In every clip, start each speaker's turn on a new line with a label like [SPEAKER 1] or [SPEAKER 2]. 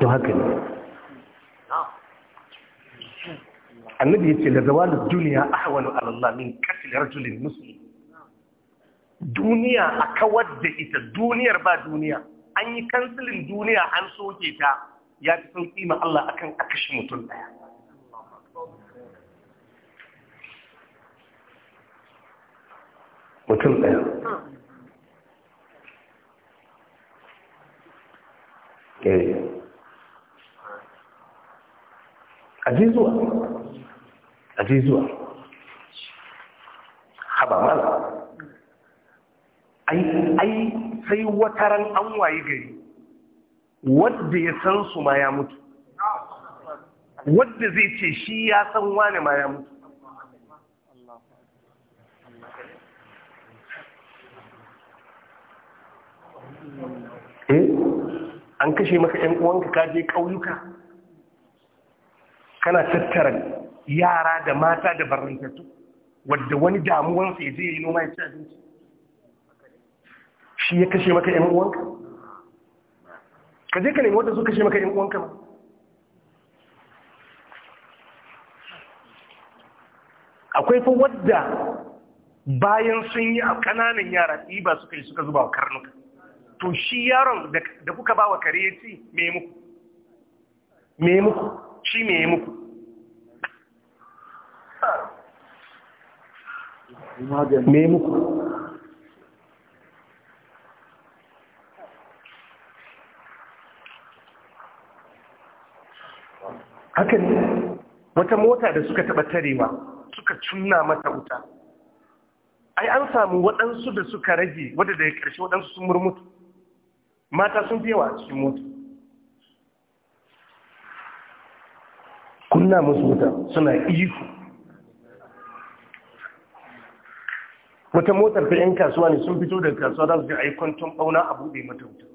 [SPEAKER 1] تهكن النبي يقول زوال الدنيا أحوال على الله من كسل رجل مسلم دنيا أكود إذا دنيا ربا دنيا أني كنسل الدنيا عن صوتي يا تسمى إيمة الله أكن أكشم تلعى وتلعى إيه aje zuwa aje zuwa haba mana ai ai sai wataran an waye gari wadda ya san su ma ya mutu wadda zai ce shi ya san wane ma ya mutu eh an kashe maka 'yan uwanka kaje ƙauyuka kana tattara yara da mata da barantattu wadda wani damuwansa ya je yi noma ya ci abinci shi ya kashe maka ‘yan uwanka ka je ka nemi wadda su kashe maka ‘yan uwanka ma akwai fa wadda bayan sun yi a ƙananan yara ba suka yi suka zuba wa karnuka to shi yaron da kuka ba wa kare ya ci me muku me muku shi me yi muku me muku hakan wata mota da suka taɓa tarewa suka cunna mata wuta ai an samu waɗansu da suka rage wadda ya ƙarshe waɗansu sun murmutu mata sun yawa cikin mota. cinna musu wuta suna ihu wata motar ta 'yan kasuwa ne sun fito daga kasuwa za su ga aikon tun ɓauna a buɗe mata wuta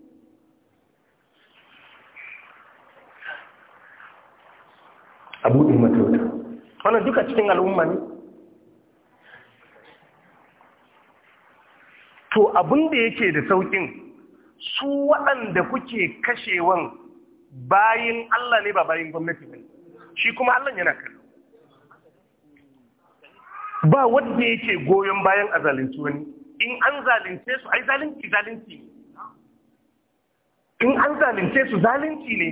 [SPEAKER 1] a buɗe mata wuta wannan duka cikin al'umma ne to abin da yake da saukin su waɗanda kuke kashewan bayin Allah ne ba bayin gwamnati ne shi kuma Allah yana kallo ba wanda yake goyon bayan a zalunci wani in an zalunce su ai zalunci zalunci ne in an zalunce su zalunci ne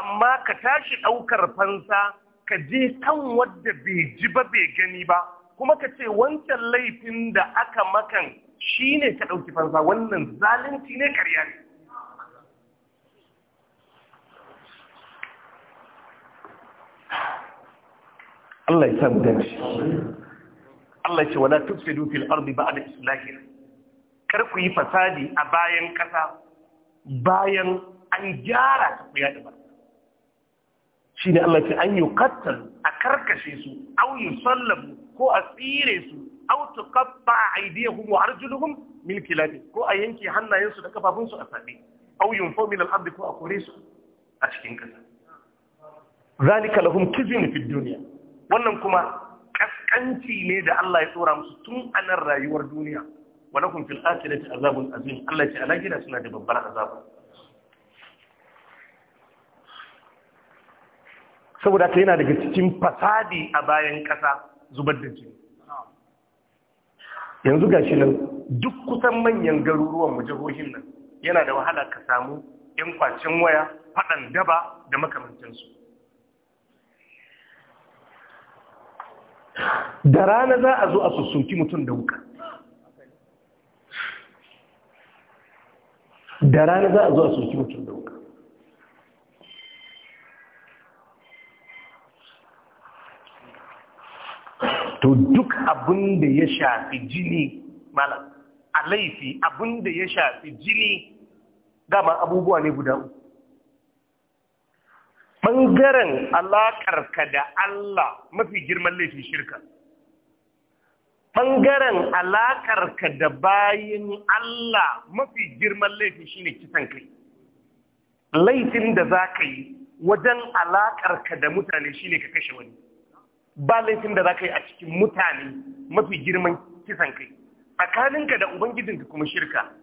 [SPEAKER 1] amma ka tashi ɗaukar fansa ka je kan wadda bai ji ba bai gani ba kuma ka ce wancan laifin da aka makan shi ne ka ɗauki fansa wannan zalunci ne karya ne Allah ya samu dace Allah ce wala tufsidu fil ardi ba'da islahiha kar ku yi fasadi a bayan kasa bayan an gyara ta ku yada barka shine Allah ce an yuqattal a karkashe su aw yusallabu ko a tsire su aw tuqatta aydihum wa arjuluhum min khilaf ko a yanke hannayensu da kafafunsu a sabe aw yunfaw min al-ardi ko a kore su a cikin kasa zalika lahum kizun fid dunya wannan kuma kaskanci ne da Allah ya tsora musu tun a rayuwar duniya walakum fil akhirati azabun azim Allah ya ala suna da babbar azaba saboda ta yana daga cikin fasadi a bayan kasa zubar da jini yanzu gashi nan duk kusan manyan garuruwan mu jihohin nan yana da wahala ka samu yan kwacin waya faɗan daba da makamantansu da rana za a zo a sussoki mutum da wuka da rana za a zo a soki mutum da wuka to duk abin da ya shafi jini malam a laifi abin da ya shafi jini dama abubuwa ne guda uku ɓangaren alaƙarka da Allah mafi girman laifin shirka ɓangaren alaƙarka da bayan Allah mafi girman laifi shine kisan kai laifin da za ka yi wajen alaƙarka da mutane shine ka kashe wani ba laifin da za ka yi a cikin mutane mafi girman kisan kai tsakaninka da ubangijinka kuma shirka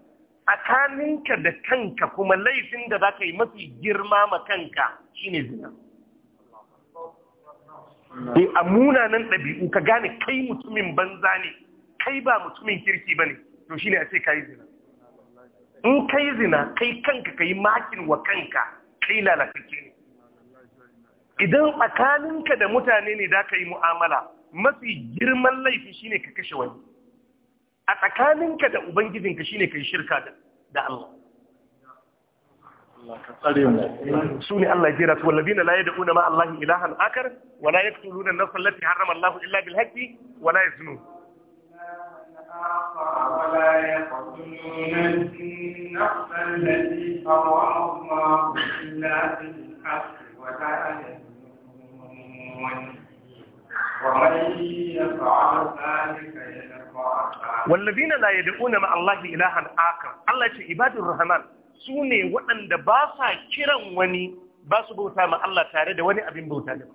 [SPEAKER 1] tsakaninka da kanka kuma laifin da za ka yi mafi girma ma kanka shine zina e a munanan ɗabi'u ka gane kai mutumin banza ne kai ba mutumin kirki ba ne to shine a ce ka yi zina in ka yi zina kai kanka ka yi makin wa kanka kai lalatacce ne idan tsakaninka da mutane ne da ka yi mu'amala mafi girman laifi shine ka kashe wani a tsakaninka da ubangijinka shine kai shirka da da Allah سوني الله جيرا والذين لا يدعون مع الله إلها آخر ولا يقتلون النفس التي حرم الله إلا بالحق ولا يزنون ولا يقتلون النفس التي حرم الله إلا بالحق ولا يزنون wallazina la yad'una ma Allahi ilahan akar Allah ce ibadun rahman su ne waɗanda ba sa kiran wani ba su bauta ma Allah tare da wani abin bauta da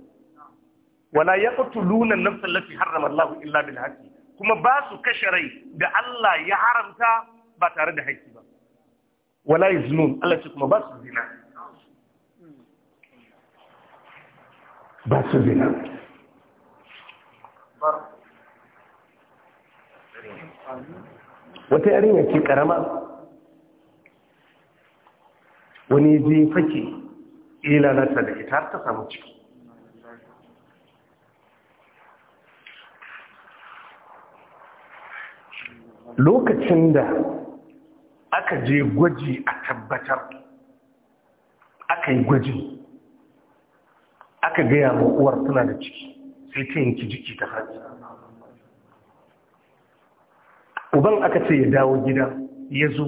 [SPEAKER 1] wala yaqtuluna nafsan allati harrama Allah illa bil haqqi kuma ba su kashe rai da Allah ya haramta ba tare da haƙƙi ba wala yaznun Allah ce kuma ba su zina ba su zina wata yarinya ce karama wani je fake ilanarta da ita ta samu ciki lokacin da aka je gwaji a tabbatar aka yi gwaji aka gaya ma uwar tana da ciki sai ki ta haji uban aka ce ya dawo gida ya zo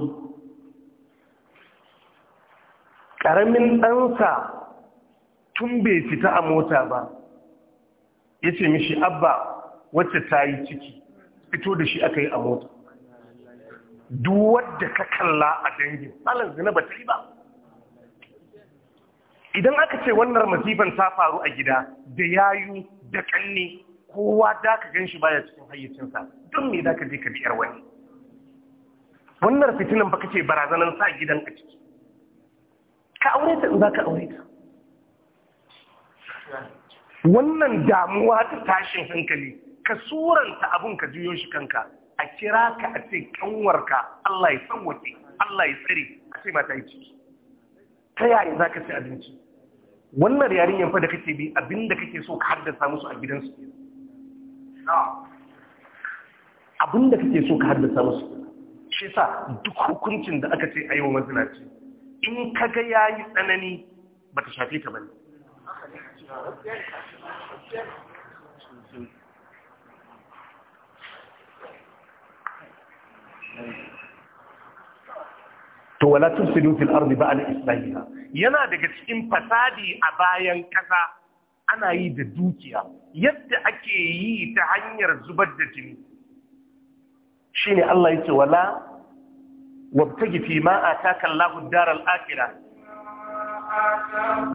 [SPEAKER 1] ƙaramin ɗansa tun bai fita a mota ba ya ce mishi abba wacce ta yi ciki fito da shi aka yi a mota duwadda ka kalla a dangin tsalin zina ba ta ba idan aka ce wannan masifan ta faru a gida da yayu da kanne kowa za ka gan shi baya cikin hayyacinsa don me za ka je ka biyar wani wannan fitilin baka ce barazanan sa gidan a ciki ka aure ta in za ka aure ta wannan damuwa ta tashin hankali ka suranta abin ka juyo shi kanka a kira ka a ce kanwarka Allah ya sauwake Allah ya tsare a ce mata yi ciki ta yaya za ka ci abinci wannan yarinyar fa da kake bi abinda kake so ka haddasa musu a gidansu abinda kake so ka haddasa musu shi sa duk hukuncin da aka ce aiwa mazinaci in kaga yayi tsanani ba ta shafe ta bane Thank you. to wala tufsidu fil ardi ba'da islahiha yana daga cikin fasadi a bayan kasa ana yi da dukiya yadda ake yi ta hanyar zubar da jini shine Allah yace wala wabtagi fi ma ataka Allahu ad-dar akhirah